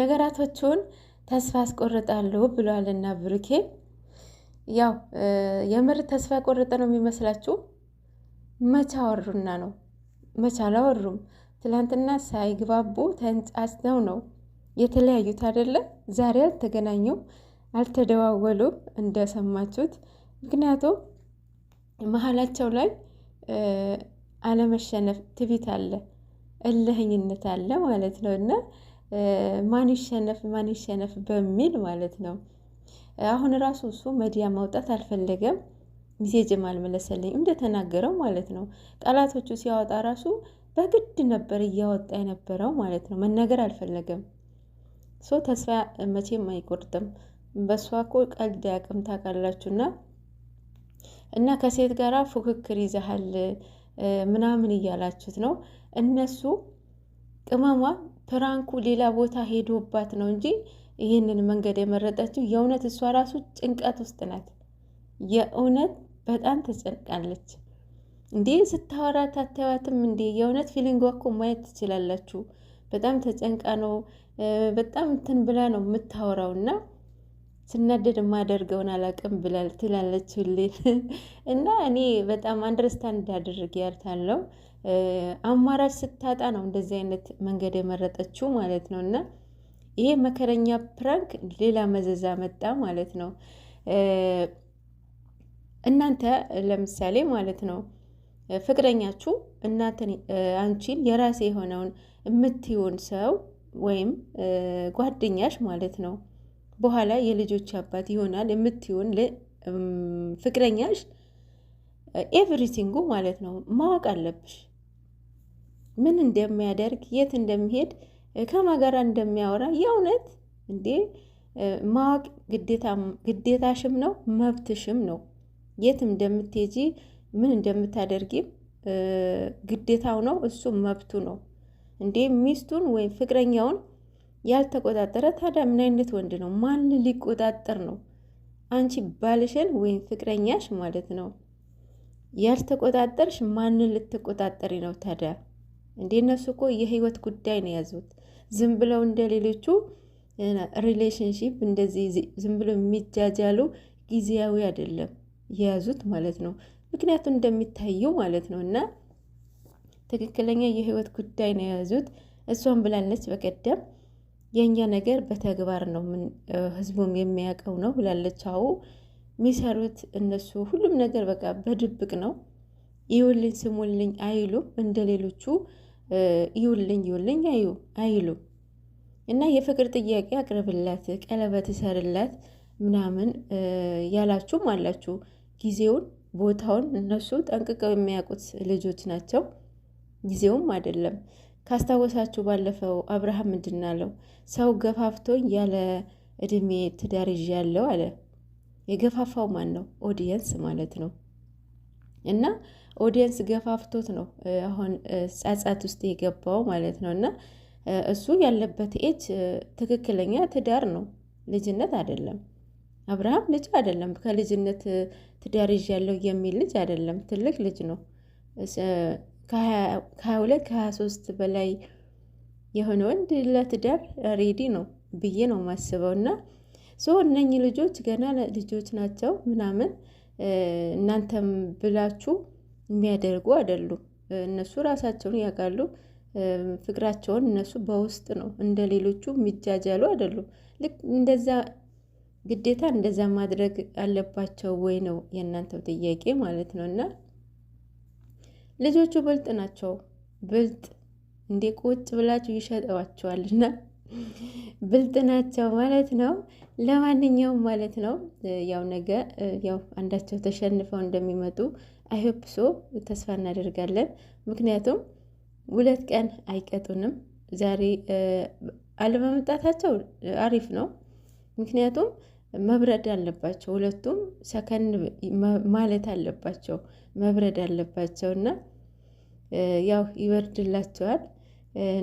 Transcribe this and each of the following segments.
ነገራቶቹን ተስፋ አስቆርጣለሁ ብለዋልና ብሩኬ ያው የምር ተስፋ የቆረጠ ነው የሚመስላችሁ? መቼ አወሩና ነው? መቻ አላወሩም። ትላንትና ሳይግባቡ ተንጫጭተው ነው የተለያዩት አይደለ? ዛሬ አልተገናኙም፣ አልተደዋወሉም እንደሰማችሁት። ምክንያቱም መሀላቸው ላይ አለመሸነፍ ትቢት አለ። እልህኝነት አለ ማለት ነው እና ማን ይሸነፍ ማን ይሸነፍ በሚል ማለት ነው። አሁን ራሱ እሱ መዲያ ማውጣት አልፈለገም። ሚሴጅም አልመለሰልኝ እንደተናገረው ማለት ነው። ቃላቶቹ ሲያወጣ ራሱ በግድ ነበር እያወጣ የነበረው ማለት ነው። መናገር አልፈለገም። ሶ ተስፋ መቼም አይቆርጥም። በእሷ እኮ ቀልድ ያቅም እና ከሴት ጋራ ፉክክር ይዘሃል ምናምን እያላችሁት ነው። እነሱ ቅመሟ ፕራንኩ ሌላ ቦታ ሄዶባት ነው እንጂ ይህንን መንገድ የመረጠችው የእውነት እሷ ራሱ ጭንቀት ውስጥ ናት። የእውነት በጣም ተጨንቃለች። እንዴ ስታወራት አታዩትም እንዴ? የእውነት ፊሊንጓ እኮ ማየት ትችላላችሁ። በጣም ተጨንቃ ነው። በጣም እንትን ብላ ነው የምታወራው እና ስናደድ የማደርገውን አላቅም ብላል ትላለች ሁሌ እና እኔ በጣም አንደርስታንድ እንዳደርግ ያልታለው አማራጭ ስታጣ ነው እንደዚህ አይነት መንገድ የመረጠችው ማለት ነው። እና ይሄ መከረኛ ፕራንክ ሌላ መዘዛ መጣ ማለት ነው። እናንተ ለምሳሌ ማለት ነው ፍቅረኛችሁ እናንተን አንቺን የራሴ የሆነውን የምትሆን ሰው ወይም ጓደኛሽ ማለት ነው በኋላ የልጆች አባት ይሆናል የምትሆን ፍቅረኛሽ ኤቭሪቲንጉ ማለት ነው ማወቅ አለብሽ። ምን እንደሚያደርግ የት እንደሚሄድ ከማጋራ እንደሚያወራ የእውነት እንዴ ማወቅ ግዴታሽም ነው መብትሽም ነው። የት እንደምትሄጂ ምን እንደምታደርጊም ግዴታው ነው፣ እሱ መብቱ ነው። እንዴ ሚስቱን ወይም ፍቅረኛውን ያልተቆጣጠረ ታዲያ ምን አይነት ወንድ ነው? ማን ሊቆጣጠር ነው? አንቺ ባልሽን ወይም ፍቅረኛሽ ማለት ነው ያልተቆጣጠርሽ፣ ማንን ልትቆጣጠሪ ነው ታዲያ? እንዴ እነሱ እኮ የህይወት ጉዳይ ነው ያዙት። ዝም ብለው እንደ ሌሎቹ ሪሌሽንሺፕ እንደዚህ ዝም ብሎ የሚጃጃሉ ጊዜያዊ አይደለም የያዙት ማለት ነው። ምክንያቱም እንደሚታየው ማለት ነው እና ትክክለኛ የህይወት ጉዳይ ነው የያዙት። እሷን ብላለች በቀደም የእኛ ነገር በተግባር ነው ህዝቡም የሚያውቀው ነው ብላለች። አዎ የሚሰሩት እነሱ ሁሉም ነገር በቃ በድብቅ ነው። ይውልኝ ስሙልኝ አይሉም። እንደ ሌሎቹ ይውልኝ ይውልኝ አይሉም። እና የፍቅር ጥያቄ አቅርብላት፣ ቀለበት ይሰርላት ምናምን ያላችሁም አላችሁ። ጊዜውን ቦታውን እነሱ ጠንቅቀው የሚያውቁት ልጆች ናቸው። ጊዜውም አይደለም ካስታወሳችሁ ባለፈው አብርሃም ምንድን አለው? ሰው ገፋፍቶኝ ያለ እድሜ ትዳር ይዤ ያለው አለ። የገፋፋው ማን ነው? ኦዲየንስ ማለት ነው። እና ኦዲየንስ ገፋፍቶት ነው አሁን ጸጸት ውስጥ የገባው ማለት ነው። እና እሱ ያለበት ኤጅ ትክክለኛ ትዳር ነው፣ ልጅነት አይደለም። አብርሃም ልጅ አይደለም። ከልጅነት ትዳር ያለው የሚል ልጅ አይደለም። ትልቅ ልጅ ነው። ከ22 ከ23 በላይ የሆነ ወንድ ለትዳር ሬዲ ነው ብዬ ነው ማስበው እና ሶ እነኚህ ልጆች ገና ልጆች ናቸው ምናምን እናንተም ብላችሁ የሚያደርጉ አይደሉም። እነሱ ራሳቸውን ያውቃሉ። ፍቅራቸውን እነሱ በውስጥ ነው እንደ ሌሎቹ የሚጃጃሉ አይደሉም። ልክ እንደዛ ግዴታ እንደዛ ማድረግ አለባቸው ወይ ነው የእናንተው ጥያቄ ማለት ነው እና ልጆቹ ብልጥ ናቸው። ብልጥ እንዴ ቁጭ ብላችሁ ይሸጠዋቸዋልና ብልጥ ናቸው ማለት ነው። ለማንኛውም ማለት ነው ያው ነገ ያው አንዳቸው ተሸንፈው እንደሚመጡ አይሆፕሶ ተስፋ እናደርጋለን። ምክንያቱም ሁለት ቀን አይቀጡንም። ዛሬ አለመምጣታቸው አሪፍ ነው። ምክንያቱም መብረድ አለባቸው። ሁለቱም ሰከን ማለት አለባቸው፣ መብረድ አለባቸው እና ያው ይበርድላቸዋል።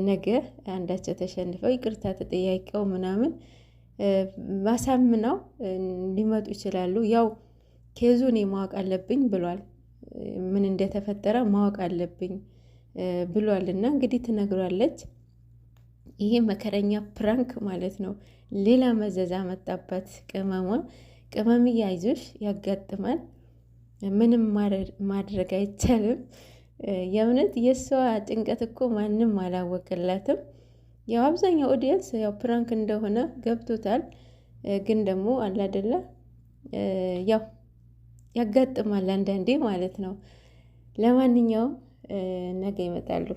ነገ አንዳቸው ተሸንፈው ይቅርታ ተጠያቂው ምናምን ማሳምነው ሊመጡ ይችላሉ። ያው ኬዙን ማወቅ አለብኝ ብሏል። ምን እንደተፈጠረ ማወቅ አለብኝ ብሏል እና እንግዲህ ትነግሯለች። ይሄ መከረኛ ፕራንክ ማለት ነው። ሌላ መዘዛ መጣባት። ቅመሟ ቅመም ያይዞሽ ያጋጥማል። ምንም ማድረግ አይቻልም። የእውነት የእሷ ጭንቀት እኮ ማንም አላወቅላትም። ያው አብዛኛው ኦዲየንስ ያው ፕራንክ እንደሆነ ገብቶታል። ግን ደግሞ አላደላ ያው ያጋጥማል አንዳንዴ ማለት ነው። ለማንኛውም ነገ ይመጣሉ።